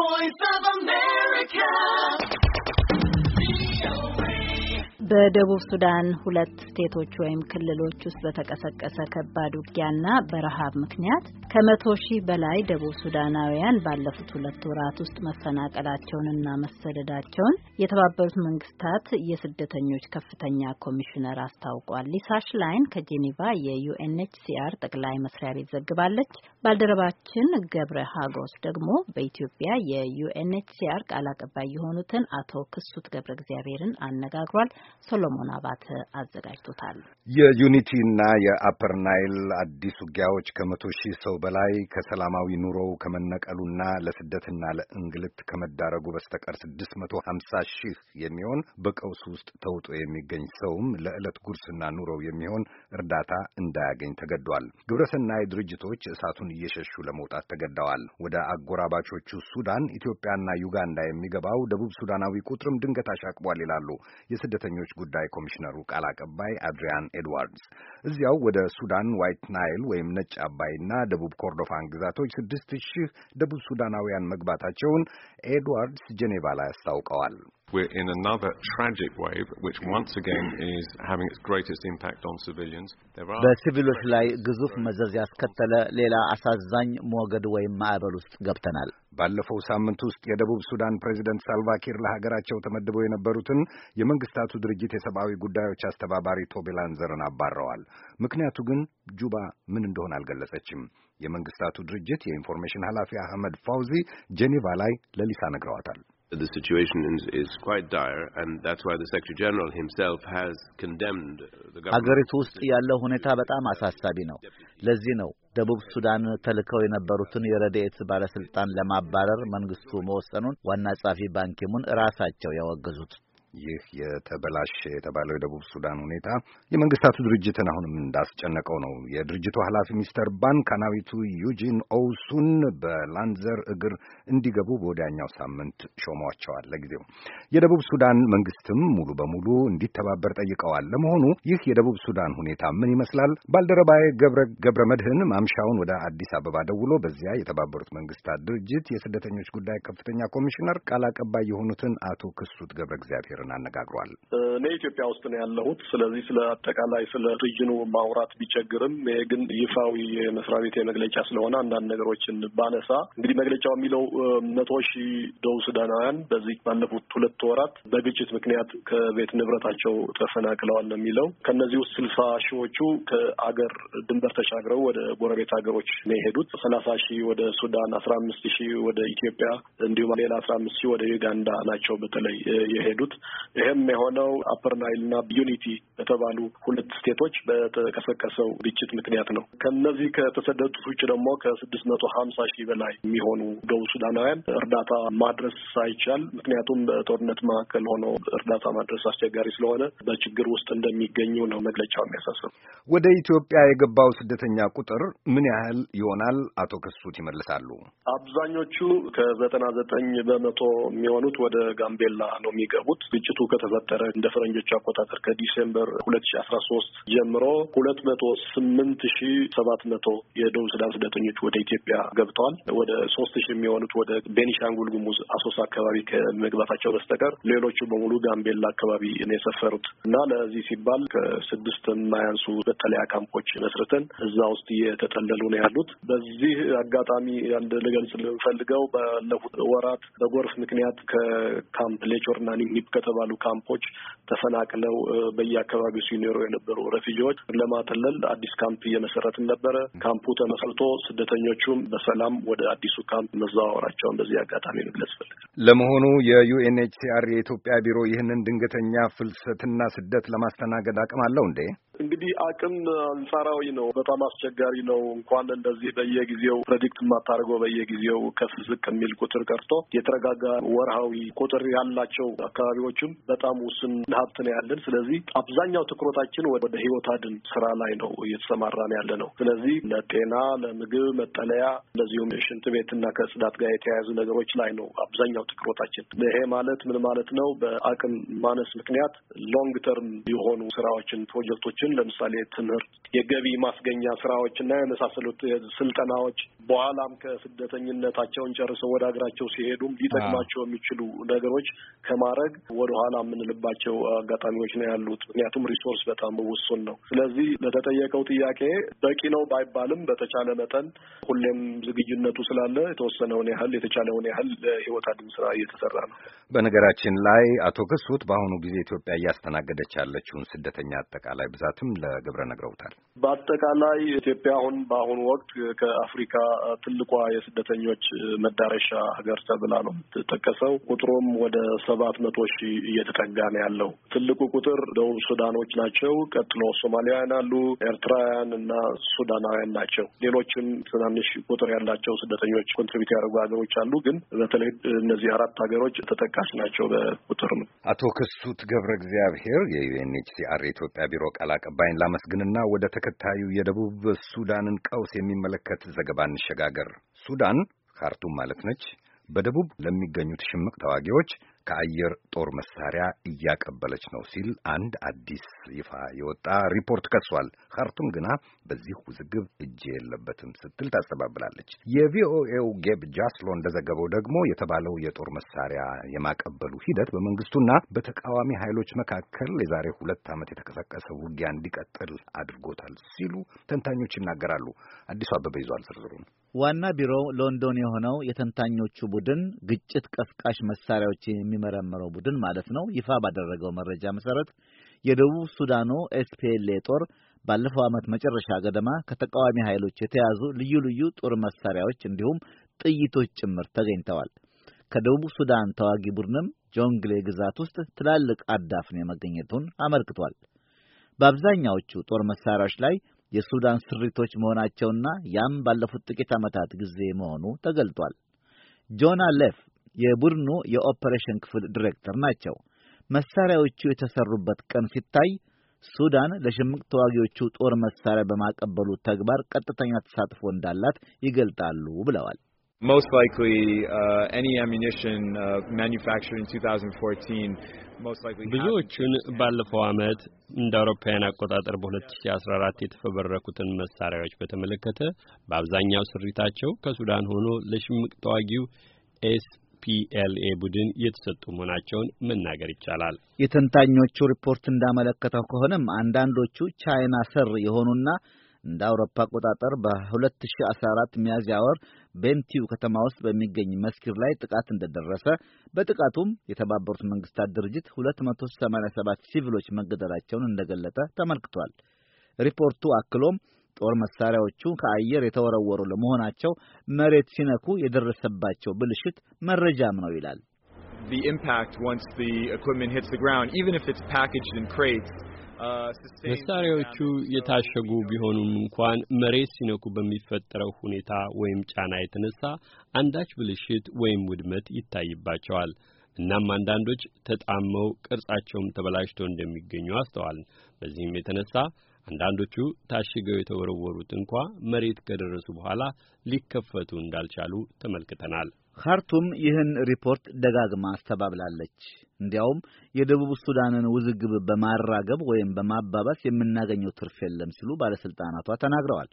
voice of America. በደቡብ ሱዳን ሁለት ስቴቶች ወይም ክልሎች ውስጥ በተቀሰቀሰ ከባድ ውጊያና በረሃብ ምክንያት ከመቶ ሺህ በላይ ደቡብ ሱዳናውያን ባለፉት ሁለት ወራት ውስጥ መፈናቀላቸውንና መሰደዳቸውን የተባበሩት መንግስታት የስደተኞች ከፍተኛ ኮሚሽነር አስታውቋል። ሊሳሽ ላይን ከጄኔቫ የዩኤንኤችሲአር ጠቅላይ መስሪያ ቤት ዘግባለች። ባልደረባችን ገብረ ሀጎስ ደግሞ በኢትዮጵያ የዩኤንኤችሲአር ቃል አቀባይ የሆኑትን አቶ ክሱት ገብረ እግዚአብሔርን አነጋግሯል። ሶሎሞን አባተ አዘጋጅቶታል። የዩኒቲ እና የአፐር ናይል አዲስ ውጊያዎች ከመቶ ሺህ ሰው በላይ ከሰላማዊ ኑሮው ከመነቀሉና ለስደትና ለእንግልት ከመዳረጉ በስተቀር ስድስት መቶ ሀምሳ ሺህ የሚሆን በቀውስ ውስጥ ተውጦ የሚገኝ ሰውም ለዕለት ጉርስና ኑሮው የሚሆን እርዳታ እንዳያገኝ ተገዷል። ግብረሰናይ ድርጅቶች እሳቱን እየሸሹ ለመውጣት ተገደዋል። ወደ አጎራባቾቹ ሱዳን፣ ኢትዮጵያና ዩጋንዳ የሚገባው ደቡብ ሱዳናዊ ቁጥርም ድንገት አሻቅቧል ይላሉ የስደተኞች የውጭ ጉዳይ ኮሚሽነሩ ቃል አቀባይ አድሪያን ኤድዋርድስ እዚያው ወደ ሱዳን ዋይት ናይል ወይም ነጭ አባይና ደቡብ ኮርዶፋን ግዛቶች ስድስት ሺህ ደቡብ ሱዳናውያን መግባታቸውን ኤድዋርድስ ጄኔቫ ላይ አስታውቀዋል። በሲቪሎች ላይ ግዙፍ መዘዝ ያስከተለ ሌላ አሳዛኝ ሞገድ ወይም ማዕበል ውስጥ ገብተናል። ባለፈው ሳምንት ውስጥ የደቡብ ሱዳን ፕሬዚደንት ሳልቫኪር ለሀገራቸው ተመድበው የነበሩትን የመንግስታቱ ድርጅት የሰብአዊ ጉዳዮች አስተባባሪ ቶቢ ላንዘርን አባረዋል። ምክንያቱ ግን ጁባ ምን እንደሆነ አልገለጸችም። የመንግስታቱ ድርጅት የኢንፎርሜሽን ኃላፊ አህመድ ፋውዚ ጄኔቫ ላይ ለሊሳ ነግረዋታል። The situation is is quite dire and that's why the Secretary General himself has condemned the government. አገሪቱ ውስጥ ያለው ሁኔታ በጣም አሳሳቢ ነው። ለዚህ ነው ደቡብ ሱዳን ተልከው የነበሩትን የረድኤት ባለስልጣን ለማባረር መንግስቱ መወሰኑን ዋና ጸሐፊ ባንኪሙን ራሳቸው ያወገዙት። ይህ የተበላሸ የተባለው የደቡብ ሱዳን ሁኔታ የመንግስታቱ ድርጅትን አሁንም እንዳስጨነቀው ነው። የድርጅቱ ኃላፊ ሚስተር ባን ካናዊቱ ዩጂን ኦውሱን በላንዘር እግር እንዲገቡ በወዲያኛው ሳምንት ሾመዋቸዋል። ለጊዜው የደቡብ ሱዳን መንግስትም ሙሉ በሙሉ እንዲተባበር ጠይቀዋል። ለመሆኑ ይህ የደቡብ ሱዳን ሁኔታ ምን ይመስላል? ባልደረባዬ ገብረ ገብረ መድህን ማምሻውን ወደ አዲስ አበባ ደውሎ በዚያ የተባበሩት መንግስታት ድርጅት የስደተኞች ጉዳይ ከፍተኛ ኮሚሽነር ቃል አቀባይ የሆኑትን አቶ ክሱት ገብረ እግዚአብሔር ሚኒስትርን አነጋግሯል። እኔ ኢትዮጵያ ውስጥ ነው ያለሁት። ስለዚህ ስለ አጠቃላይ ስለ ሪጅኑ ማውራት ቢቸግርም ይሄ ግን ይፋዊ የመስሪያ ቤት መግለጫ ስለሆነ አንዳንድ ነገሮችን ባነሳ እንግዲህ መግለጫው የሚለው መቶ ሺህ ደቡብ ሱዳናውያን በዚህ ባለፉት ሁለት ወራት በግጭት ምክንያት ከቤት ንብረታቸው ተፈናቅለዋል ነው የሚለው። ከእነዚህ ውስጥ ስልሳ ሺዎቹ ከአገር ድንበር ተሻግረው ወደ ጎረቤት ሀገሮች ነው የሄዱት። ሰላሳ ሺህ ወደ ሱዳን፣ አስራ አምስት ሺህ ወደ ኢትዮጵያ እንዲሁም ሌላ አስራ አምስት ሺህ ወደ ዩጋንዳ ናቸው በተለይ የሄዱት። ይህም የሆነው አፐር ናይል እና ዩኒቲ በተባሉ ሁለት ስቴቶች በተቀሰቀሰው ግጭት ምክንያት ነው። ከነዚህ ከተሰደዱት ውጭ ደግሞ ከስድስት መቶ ሀምሳ ሺህ በላይ የሚሆኑ ደቡብ ሱዳናውያን እርዳታ ማድረስ ሳይቻል ምክንያቱም በጦርነት መካከል ሆነው እርዳታ ማድረስ አስቸጋሪ ስለሆነ በችግር ውስጥ እንደሚገኙ ነው መግለጫው የሚያሳስብ። ወደ ኢትዮጵያ የገባው ስደተኛ ቁጥር ምን ያህል ይሆናል? አቶ ክሱት ይመልሳሉ። አብዛኞቹ ከዘጠና ዘጠኝ በመቶ የሚሆኑት ወደ ጋምቤላ ነው የሚገቡት። ግጭቱ ከተፈጠረ እንደ ፈረንጆች አቆጣጠር ከዲሴምበር ሁለት ሺ አስራ ሶስት ጀምሮ ሁለት መቶ ስምንት ሺ ሰባት መቶ የደቡብ ሱዳን ስደተኞች ወደ ኢትዮጵያ ገብተዋል። ወደ ሶስት ሺ የሚሆኑት ወደ ቤኒሻንጉል ጉሙዝ አሶሳ አካባቢ ከመግባታቸው በስተቀር ሌሎቹ በሙሉ ጋምቤላ አካባቢ ነው የሰፈሩት እና ለዚህ ሲባል ከስድስት የማያንሱ መጠለያ ካምፖች መስርተን እዛ ውስጥ እየተጠለሉ ነው ያሉት። በዚህ አጋጣሚ አንድ ልገልጽ የምንፈልገው ባለፉት ወራት በጎርፍ ምክንያት ከካምፕ ሌቾርና ኒግኒፕ ከተባሉ ካምፖች ተፈናቅለው በየአካባቢው ሲኖሩ የነበሩ ረፊጂዎች ለማጠለል አዲስ ካምፕ እየመሰረትን ነበረ። ካምፑ ተመስርቶ ስደተኞቹም በሰላም ወደ አዲሱ ካምፕ መዘዋወራቸውን በዚህ አጋጣሚ መግለጽ ፈልጋል። ለመሆኑ የዩኤንኤችሲአር የኢትዮጵያ ቢሮ ይህንን ድንገተኛ ፍልሰትና ስደት ለማስተናገድ አቅም አለው እንዴ? እንግዲህ አቅም አንጻራዊ ነው። በጣም አስቸጋሪ ነው። እንኳን እንደዚህ በየጊዜው ፕሬዲክት የማታደርገው በየጊዜው ከፍ ዝቅ የሚል ቁጥር ቀርቶ የተረጋጋ ወርሃዊ ቁጥር ያላቸው አካባቢዎችም በጣም ውስን ሀብት ነው ያለን። ስለዚህ አብዛኛው ትኩረታችን ወደ ህይወት አድን ስራ ላይ ነው እየተሰማራን ያለ ነው። ስለዚህ ለጤና፣ ለምግብ መጠለያ፣ እንደዚሁም ሽንት ቤትና ከጽዳት ጋር የተያያዙ ነገሮች ላይ ነው አብዛኛው ትኩረታችን። ይሄ ማለት ምን ማለት ነው? በአቅም ማነስ ምክንያት ሎንግ ተርም የሆኑ ስራዎችን ፕሮጀክቶችን ለምሳሌ ትምህርት፣ የገቢ ማስገኛ ስራዎች እና የመሳሰሉት ስልጠናዎች በኋላም ከስደተኝነታቸውን ጨርሰው ወደ ሀገራቸው ሲሄዱም ሊጠቅማቸው የሚችሉ ነገሮች ከማድረግ ወደኋላ የምንልባቸው አጋጣሚዎች ነው ያሉት። ምክንያቱም ሪሶርስ በጣም ውሱን ነው። ስለዚህ ለተጠየቀው ጥያቄ በቂ ነው ባይባልም በተቻለ መጠን ሁሌም ዝግጁነቱ ስላለ የተወሰነውን ያህል የተቻለውን ያህል ለህይወት አድን ስራ እየተሰራ ነው። በነገራችን ላይ አቶ ክሱት በአሁኑ ጊዜ ኢትዮጵያ እያስተናገደች ያለችውን ስደተኛ አጠቃላይ ብዛትም ለግብረ ነግረውታል። በአጠቃላይ ኢትዮጵያ አሁን በአሁኑ ወቅት ከአፍሪካ ትልቋ የስደተኞች መዳረሻ ሀገር ተብላ ነው የምትጠቀሰው። ቁጥሩም ወደ ሰባት መቶ ሺህ እየተጠጋ ነው ያለው። ትልቁ ቁጥር ደቡብ ሱዳኖች ናቸው። ቀጥሎ ሶማሊያውያን አሉ፣ ኤርትራውያን እና ሱዳናውያን ናቸው። ሌሎችም ትናንሽ ቁጥር ያላቸው ስደተኞች ኮንትሪቢዩት ያደርጉ ሀገሮች አሉ። ግን በተለይ እነዚህ አራት ሀገሮች ተጠቃሽ ናቸው በቁጥር ነው። አቶ ክሱት ገብረ እግዚአብሔር የዩኤንኤችሲአር የኢትዮጵያ ቢሮ ቃል አቀባይን ላመስግንና ወደ ተከታዩ የደቡብ ሱዳንን ቀውስ የሚመለከት ዘገባ እንሸጋገር። ሱዳን ካርቱም ማለት ነች፣ በደቡብ ለሚገኙት ሽምቅ ተዋጊዎች ከአየር ጦር መሳሪያ እያቀበለች ነው ሲል አንድ አዲስ ይፋ የወጣ ሪፖርት ከሷል። ካርቱም ግና በዚህ ውዝግብ እጅ የለበትም ስትል ታስተባብላለች። የቪኦኤው ጌብ ጃስሎ እንደዘገበው ደግሞ የተባለው የጦር መሳሪያ የማቀበሉ ሂደት በመንግስቱና በተቃዋሚ ኃይሎች መካከል የዛሬ ሁለት ዓመት የተቀሰቀሰ ውጊያ እንዲቀጥል አድርጎታል ሲሉ ተንታኞች ይናገራሉ። አዲሱ አበበ ይዟል ዝርዝሩን። ዋና ቢሮ ሎንዶን የሆነው የተንታኞቹ ቡድን ግጭት ቀስቃሽ መሳሪያዎች የሚ የሚመረምረው ቡድን ማለት ነው ይፋ ባደረገው መረጃ መሰረት የደቡብ ሱዳኑ ኤስፒኤልኤ ጦር ባለፈው ዓመት መጨረሻ ገደማ ከተቃዋሚ ኃይሎች የተያዙ ልዩ ልዩ ጦር መሳሪያዎች እንዲሁም ጥይቶች ጭምር ተገኝተዋል። ከደቡብ ሱዳን ተዋጊ ቡድንም ጆንግሌ ግዛት ውስጥ ትላልቅ አዳፍን የመገኘቱን አመልክቷል። በአብዛኛዎቹ ጦር መሳሪያዎች ላይ የሱዳን ስሪቶች መሆናቸውና ያም ባለፉት ጥቂት ዓመታት ጊዜ መሆኑ ተገልጧል። ጆና ሌፍ የቡድኑ የኦፐሬሽን ክፍል ዲሬክተር ናቸው። መሳሪያዎቹ የተሰሩበት ቀን ሲታይ ሱዳን ለሽምቅ ተዋጊዎቹ ጦር መሳሪያ በማቀበሉ ተግባር ቀጥተኛ ተሳትፎ እንዳላት ይገልጣሉ ብለዋል። uh, uh, ብዙዎቹን ባለፈው ዓመት እንደ አውሮፓውያን አቆጣጠር በ2014 የተፈበረኩትን መሳሪያዎች በተመለከተ በአብዛኛው ስሪታቸው ከሱዳን ሆኖ ለሽምቅ ተዋጊው ኤስ ፒኤልኤ ቡድን የተሰጡ መሆናቸውን መናገር ይቻላል። የተንታኞቹ ሪፖርት እንዳመለከተው ከሆነም አንዳንዶቹ ቻይና ሰር የሆኑና እንደ አውሮፓ አቆጣጠር በ2014 ሚያዝያ ወር ቤንቲው ከተማ ውስጥ በሚገኝ መስኪር ላይ ጥቃት እንደደረሰ በጥቃቱም የተባበሩት መንግስታት ድርጅት 287 ሲቪሎች መገደላቸውን እንደገለጠ ተመልክቷል። ሪፖርቱ አክሎም ጦር መሳሪያዎቹ ከአየር የተወረወሩ ለመሆናቸው መሬት ሲነኩ የደረሰባቸው ብልሽት መረጃም ነው ይላል። uh, መሳሪያዎቹ የታሸጉ ቢሆኑም እንኳን መሬት ሲነኩ በሚፈጠረው ሁኔታ ወይም ጫና የተነሳ አንዳች ብልሽት ወይም ውድመት ይታይባቸዋል። እናም አንዳንዶች ተጣመው ቅርጻቸውም ተበላሽተው እንደሚገኙ አስተዋል። በዚህም የተነሳ አንዳንዶቹ ታሽገው የተወረወሩት እንኳ መሬት ከደረሱ በኋላ ሊከፈቱ እንዳልቻሉ ተመልክተናል። ካርቱም ይህን ሪፖርት ደጋግማ አስተባብላለች። እንዲያውም የደቡብ ሱዳንን ውዝግብ በማራገብ ወይም በማባባስ የምናገኘው ትርፍ የለም ሲሉ ባለሥልጣናቷ ተናግረዋል።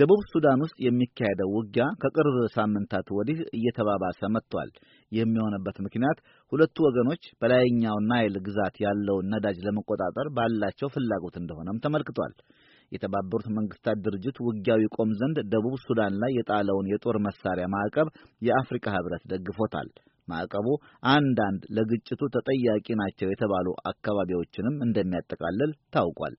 ደቡብ ሱዳን ውስጥ የሚካሄደው ውጊያ ከቅርብ ሳምንታት ወዲህ እየተባባሰ መጥቷል። የሚሆነበት የሆነበት ምክንያት ሁለቱ ወገኖች በላይኛው ናይል ግዛት ያለውን ነዳጅ ለመቆጣጠር ባላቸው ፍላጎት እንደሆነም ተመልክቷል። የተባበሩት መንግስታት ድርጅት ውጊያው ይቆም ዘንድ ደቡብ ሱዳን ላይ የጣለውን የጦር መሳሪያ ማዕቀብ የአፍሪካ ህብረት ደግፎታል። ማዕቀቡ አንዳንድ ለግጭቱ ተጠያቂ ናቸው የተባሉ አካባቢዎችንም እንደሚያጠቃልል ታውቋል።